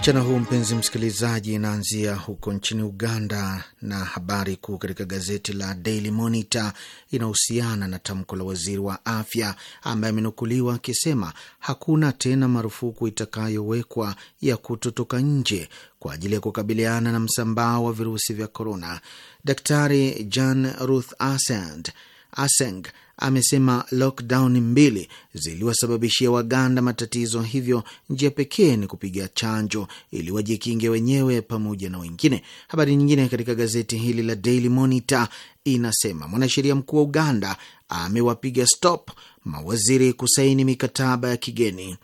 Mchana huu mpenzi msikilizaji, inaanzia huko nchini Uganda, na habari kuu katika gazeti la Daily Monitor inahusiana na tamko la waziri wa afya ambaye amenukuliwa akisema hakuna tena marufuku itakayowekwa ya kutotoka nje kwa ajili ya kukabiliana na msambao wa virusi vya korona. Daktari Jan Ruth Asand Aseng amesema lockdown mbili ziliwasababishia Waganda matatizo, hivyo njia pekee ni kupiga chanjo ili wajikinge wenyewe pamoja na wengine. Habari nyingine katika gazeti hili la Daily Monitor inasema mwanasheria mkuu wa Uganda amewapiga stop mawaziri kusaini mikataba ya kigeni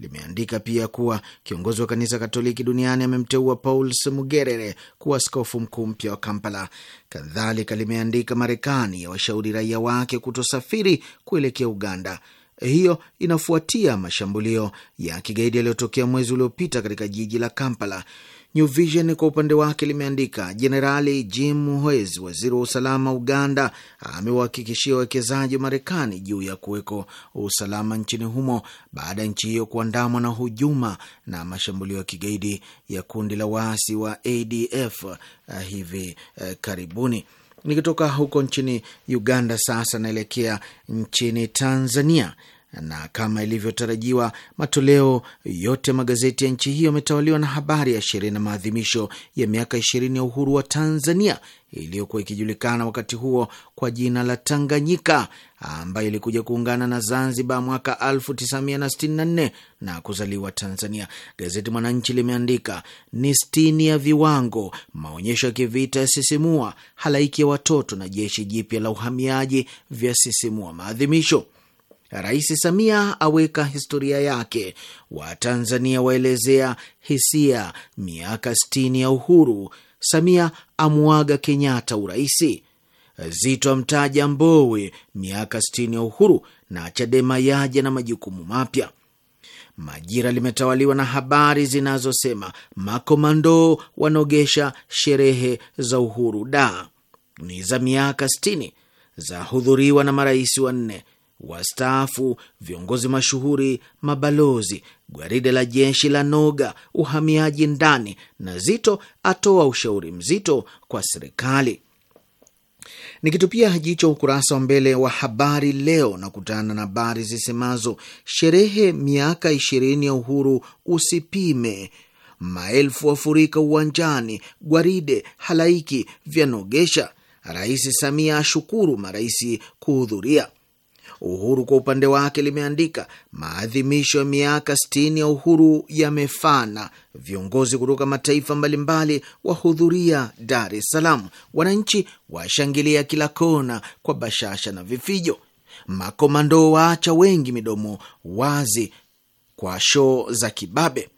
limeandika pia kuwa kiongozi wa kanisa Katoliki duniani amemteua Paul Smugerere kuwa askofu mkuu mpya wa Kampala. Kadhalika limeandika Marekani ya washauri raia wake kutosafiri kuelekea Uganda. Hiyo inafuatia mashambulio ya kigaidi yaliyotokea mwezi uliopita katika jiji la Kampala. New Vision kwa upande wake limeandika Jenerali Jim Muhwezi, waziri wa usalama Uganda, amewahakikishia wawekezaji wa Marekani juu ya kuweko usalama nchini humo baada ya nchi hiyo kuandamwa na hujuma na mashambulio ya kigaidi ya kundi la waasi wa ADF eh, hivi eh, karibuni. Nikitoka huko nchini Uganda sasa naelekea nchini Tanzania na kama ilivyotarajiwa matoleo yote magazeti ya nchi hiyo yametawaliwa na habari ya sherehe na maadhimisho ya miaka ishirini ya uhuru wa Tanzania iliyokuwa ikijulikana wakati huo kwa jina la Tanganyika, ambayo ilikuja kuungana na Zanzibar mwaka 1964 na kuzaliwa Tanzania. Gazeti Mwananchi limeandika ni sitini ya viwango, maonyesho ya kivita yasisimua, halaiki ya watoto na jeshi jipya la uhamiaji vyasisimua maadhimisho Rais Samia aweka historia yake, Watanzania waelezea hisia miaka 60 ya uhuru, Samia amuaga Kenyatta uraisi, Zito amtaja Mbowe, miaka 60 ya uhuru, na Chadema yaja na majukumu mapya. Majira limetawaliwa na habari zinazosema makomando wanogesha sherehe za uhuru, da ni za miaka 60 za hudhuriwa na marais wanne wastaafu, viongozi mashuhuri, mabalozi, gwaride la jeshi la noga, uhamiaji ndani, na Zito atoa ushauri mzito kwa serikali. Nikitupia jicho ukurasa wa mbele wa habari leo, na kutana na habari zisemazo sherehe miaka ishirini ya uhuru usipime, maelfu wafurika uwanjani, gwaride halaiki vyanogesha, Rais Samia ashukuru marais kuhudhuria Uhuru kwa upande wake limeandika maadhimisho ya miaka 60 ya uhuru yamefana, viongozi kutoka mataifa mbalimbali wahudhuria Dar es Salaam, wananchi washangilia kila kona kwa bashasha na vifijo, makomando waacha wengi midomo wazi kwa shoo za kibabe.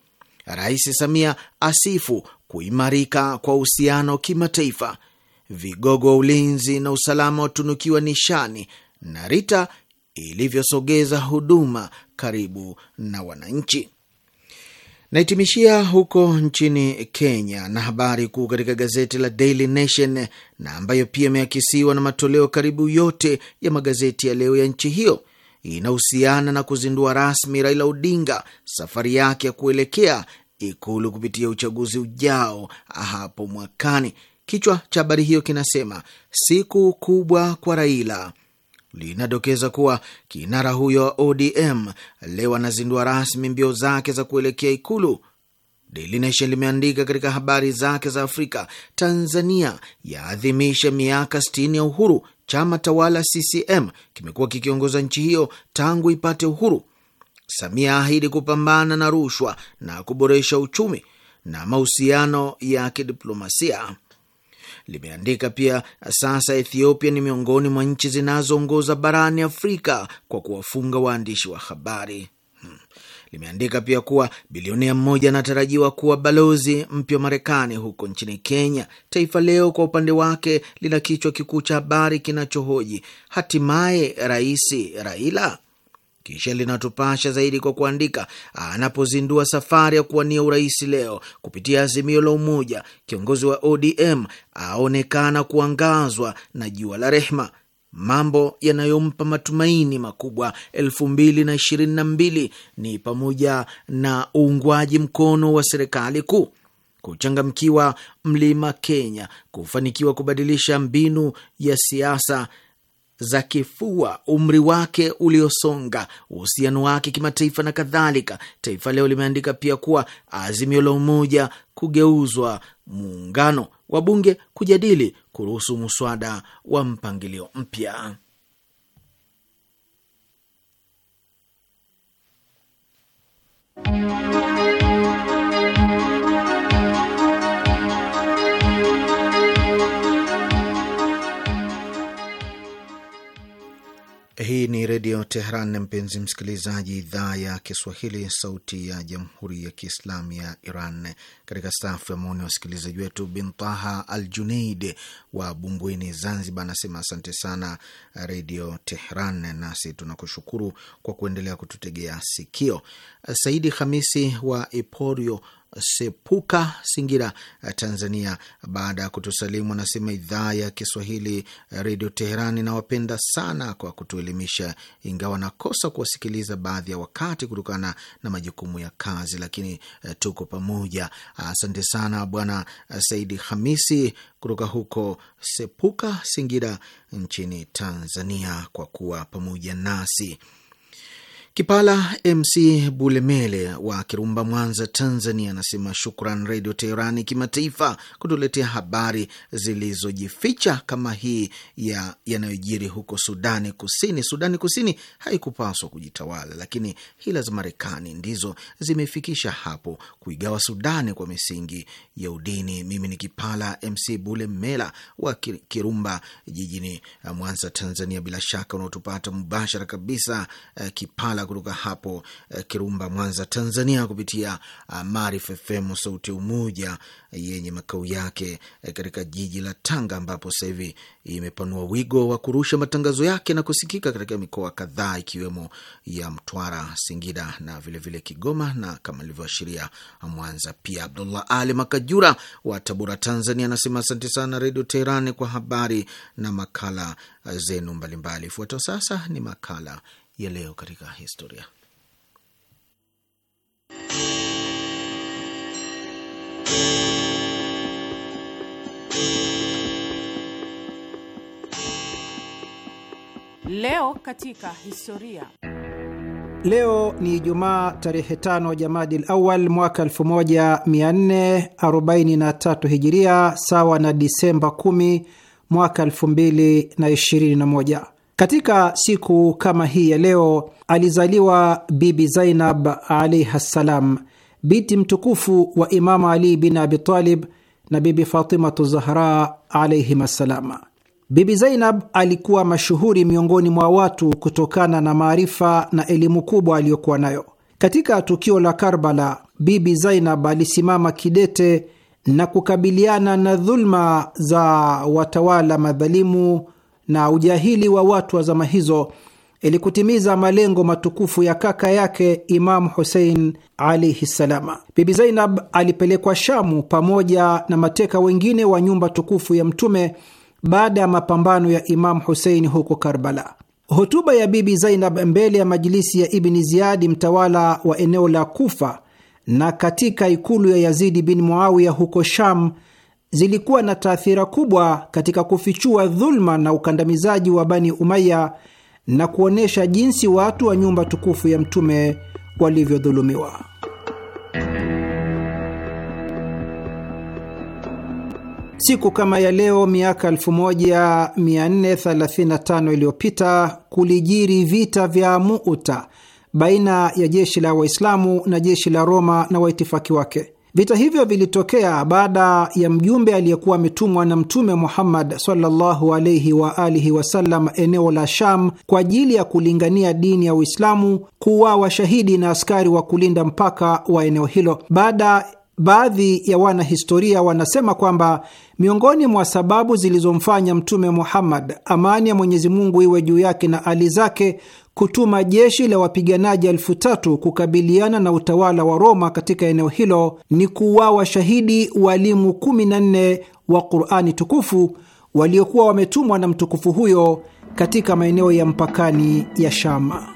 Rais Samia asifu kuimarika kwa uhusiano kimataifa, vigogo wa ulinzi na usalama watunukiwa nishani na Rita ilivyosogeza huduma karibu na wananchi. Naitimishia huko nchini Kenya na habari kuu katika gazeti la Daily Nation na ambayo pia imeakisiwa na matoleo karibu yote ya magazeti ya leo ya nchi hiyo inahusiana na kuzindua rasmi Raila Odinga safari yake ya kuelekea Ikulu kupitia uchaguzi ujao hapo mwakani. Kichwa cha habari hiyo kinasema siku kubwa kwa Raila, linadokeza kuwa kinara huyo wa ODM leo anazindua rasmi mbio zake za kuelekea Ikulu. Daily Nation limeandika katika habari zake za Afrika, Tanzania yaadhimisha miaka 60 ya uhuru. Chama tawala CCM kimekuwa kikiongoza nchi hiyo tangu ipate uhuru. Samia ahidi kupambana na rushwa na kuboresha uchumi na mahusiano ya kidiplomasia limeandika pia, sasa Ethiopia ni miongoni mwa nchi zinazoongoza barani Afrika kwa kuwafunga waandishi wa habari. Hmm. Limeandika pia kuwa bilionea mmoja anatarajiwa kuwa balozi mpya wa Marekani huko nchini Kenya. Taifa Leo kwa upande wake lina kichwa kikuu cha habari kinachohoji hatimaye Rais Raila kisha linatupasha zaidi kwa kuandika, anapozindua safari ya kuwania urais leo kupitia Azimio la Umoja, kiongozi wa ODM aonekana kuangazwa na jua la rehma mambo yanayompa matumaini makubwa. elfu mbili na ishirini na mbili ni pamoja na uungwaji mkono wa serikali kuu kuchangamkiwa mlima Kenya, kufanikiwa kubadilisha mbinu ya siasa za kifua, umri wake uliosonga, uhusiano wake kimataifa na kadhalika. Taifa Leo limeandika pia kuwa azimio la umoja kugeuzwa muungano, wabunge kujadili kuruhusu muswada wa mpangilio mpya. Hii ni Redio teheran mpenzi msikilizaji, idhaa ya Kiswahili, sauti ya jamhuri ya kiislamu ya Iran. Katika safu ya maoni ya wasikilizaji wetu, Bintaha Al Junaid wa Bumbwini, Zanzibar, anasema asante sana Redio Tehran, nasi tunakushukuru kwa kuendelea kututegea sikio. Saidi Hamisi wa Iporio Sepuka, Singira, Tanzania. Baada ya kutusalimu, anasema idhaa ya Kiswahili Redio teheran inawapenda sana kwa kutuelimisha, ingawa nakosa kuwasikiliza baadhi ya wakati kutokana na majukumu ya kazi, lakini eh, tuko pamoja. Asante sana Bwana eh, Saidi Hamisi kutoka huko Sepuka, Singira nchini Tanzania kwa kuwa pamoja nasi. Kipala MC Bulemele wa Kirumba, Mwanza, Tanzania, anasema shukran Redio Teherani Kimataifa kutuletea habari zilizojificha kama hii ya yanayojiri huko Sudani Kusini. Sudani Kusini haikupaswa kujitawala, lakini hila za Marekani ndizo zimefikisha hapo, kuigawa Sudani kwa misingi ya udini. Mimi ni Kipala MC Bulemela wa Kirumba jijini Mwanza, Tanzania. Bila shaka unaotupata mubashara kabisa eh, Kipala matangazo kutoka hapo eh, Kirumba, Mwanza, Tanzania, kupitia ah, Maarifa FM sauti ya Umoja yenye makao yake eh, katika jiji la Tanga, ambapo sasa hivi imepanua wigo wa kurusha matangazo yake na kusikika katika mikoa kadhaa ikiwemo ya Mtwara, Singida na vilevile vile Kigoma na kama ilivyoashiria Mwanza. Pia Abdullah Ali Makajura wa Tabora, Tanzania, anasema asante sana Redio Teherani kwa habari na makala eh, zenu mbalimbali. Ifuatao sasa ni makala ya leo katika historia. Leo katika historia. Leo ni Ijumaa tarehe tano Jamadi Lawal mwaka 1443 Hijiria, sawa na Disemba 10 mwaka 2021. Katika siku kama hii ya leo alizaliwa Bibi Zainab alaihi ssalam, binti mtukufu wa Imamu Ali bin Abitalib na Bibi Fatimatu Zahra alaihim ssalam. Bibi Zainab alikuwa mashuhuri miongoni mwa watu kutokana na maarifa na elimu kubwa aliyokuwa nayo. Katika tukio la Karbala, Bibi Zainab alisimama kidete na kukabiliana na dhulma za watawala madhalimu na ujahili wa watu wa zama hizo ili kutimiza malengo matukufu ya kaka yake Imamu Husein alaihi ssalama. Bibi Zainab alipelekwa Shamu pamoja na mateka wengine wa nyumba tukufu ya Mtume baada ya mapambano ya Imamu Husein huko Karbala. Hotuba ya Bibi Zainab mbele ya majilisi ya Ibni Ziyadi, mtawala wa eneo la Kufa, na katika ikulu ya Yazidi bin Muawiya huko Sham zilikuwa na taathira kubwa katika kufichua dhuluma na ukandamizaji wa Bani Umaya na kuonyesha jinsi watu wa nyumba tukufu ya Mtume walivyodhulumiwa. Siku kama ya leo miaka 1435 iliyopita kulijiri vita vya Muuta baina ya jeshi la Waislamu na jeshi la Roma na waitifaki wake. Vita hivyo vilitokea baada ya mjumbe aliyekuwa ametumwa na Mtume Muhammad sallallahu alaihi wa alihi wasallam eneo la Sham kwa ajili ya kulingania dini ya Uislamu kuuawa shahidi na askari wa kulinda mpaka wa eneo hilo. Baada baadhi ya wanahistoria wanasema kwamba miongoni mwa sababu zilizomfanya Mtume Muhammad, amani ya Mwenyezi Mungu iwe juu yake na ali zake, kutuma jeshi la wapiganaji elfu tatu kukabiliana na utawala wa Roma katika eneo hilo ni kuuawa shahidi walimu 14 wa Qurani tukufu waliokuwa wametumwa na mtukufu huyo katika maeneo ya mpakani ya Shama.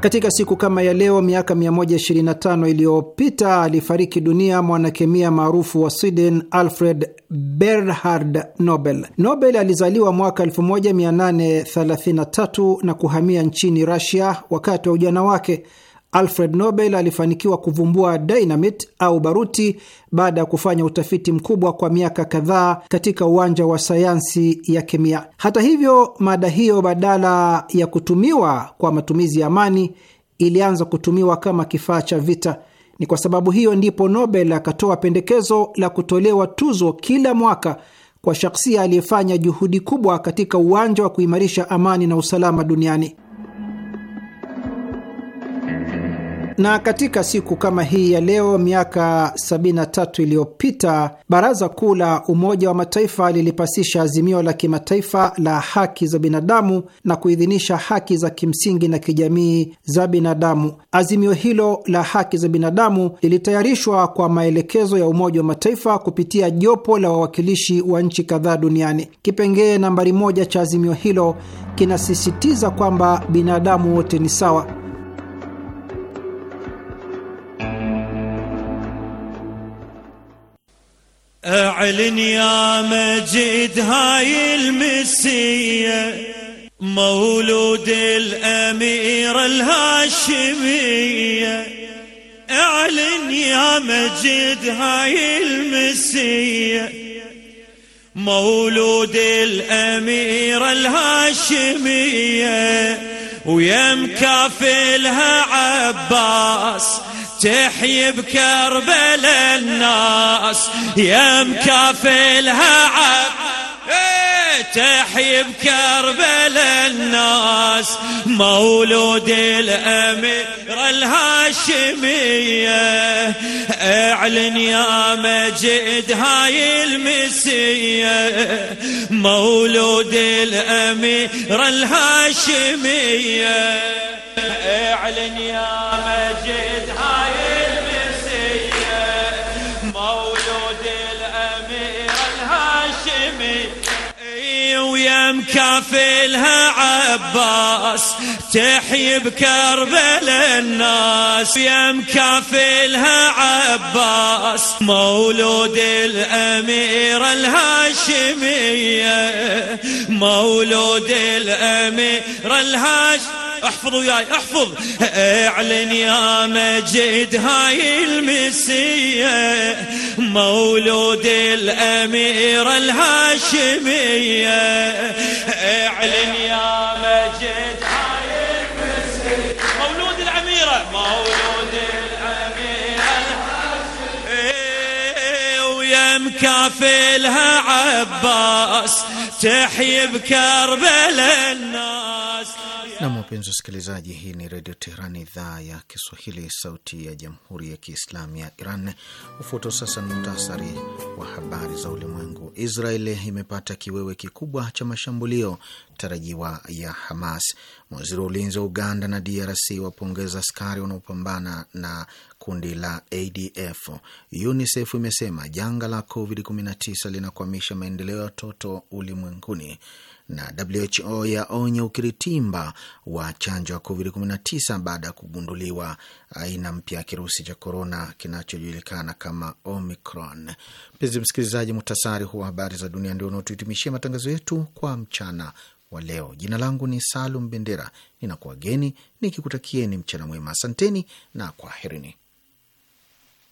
Katika siku kama ya leo miaka 125 iliyopita alifariki dunia mwanakemia maarufu wa Sweden Alfred Bernhard Nobel. Nobel alizaliwa mwaka 1833 na kuhamia nchini Russia wakati wa ujana wake. Alfred Nobel alifanikiwa kuvumbua dynamite au baruti baada ya kufanya utafiti mkubwa kwa miaka kadhaa katika uwanja wa sayansi ya kemia. Hata hivyo, mada hiyo badala ya kutumiwa kwa matumizi ya amani ilianza kutumiwa kama kifaa cha vita. Ni kwa sababu hiyo ndipo Nobel akatoa pendekezo la kutolewa tuzo kila mwaka kwa shakhsia aliyefanya juhudi kubwa katika uwanja wa kuimarisha amani na usalama duniani. Na katika siku kama hii ya leo miaka 73 iliyopita Baraza Kuu la Umoja wa Mataifa lilipasisha azimio la kimataifa la haki za binadamu na kuidhinisha haki za kimsingi na kijamii za binadamu. Azimio hilo la haki za binadamu lilitayarishwa kwa maelekezo ya Umoja wa Mataifa kupitia jopo la wawakilishi wa nchi kadhaa duniani. Kipengee nambari moja cha azimio hilo kinasisitiza kwamba binadamu wote ni sawa. اعلن يا مجد هاي المسية مولود الأميرة الهاشمية اعلن يا مجد هاي المسية مولود الأميرة الهاشمية ويم كافلها عباس تحيي بكربل الناس يا مكافلها عب إيه، تحيي بكربل الناس مولود الأمير الهاشمية اعلن يا مجد هاي المسية مولود الأمير الهاشمية اعلن يا مجد هاي مريم كافلها عباس تحيي بكربل الناس مريم كافلها عباس مولود الأميرة الهاشمية مولود الأميرة الهاشمية احفظ وياي احفظ اعلن يا مجد هاي المسية مولود الأميرة الهاشمية اعلن يا مجد هاي المسية مولود الأميرة مولود الأميرة الهاشمية ويا مكافلها عباس تحيي بكربل الناس Nam, wapenzi wasikilizaji, hii ni Redio Teheran, idhaa ya Kiswahili, sauti ya jamhuri ya kiislamu ya Iran. ufuto sasa ni muhtasari wa habari za ulimwengu. Israeli imepata kiwewe kikubwa cha mashambulio tarajiwa ya Hamas. Waziri wa ulinzi wa Uganda na DRC wapongeza askari wanaopambana na kundi la ADF. UNICEF imesema janga la COVID-19 linakwamisha maendeleo ya watoto ulimwenguni na WHO yaonya ukiritimba wa chanjo ya COVID-19 baada ya kugunduliwa aina mpya ya kirusi cha korona kinachojulikana kama Omicron. Mpenzi msikilizaji, muhtasari huu wa habari za dunia ndio unaotuhitimishia matangazo yetu kwa mchana wa leo. Jina langu ni Salum Bendera, ninakuwageni nikikutakieni mchana mwema. Asanteni na kwaherini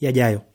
yajayo.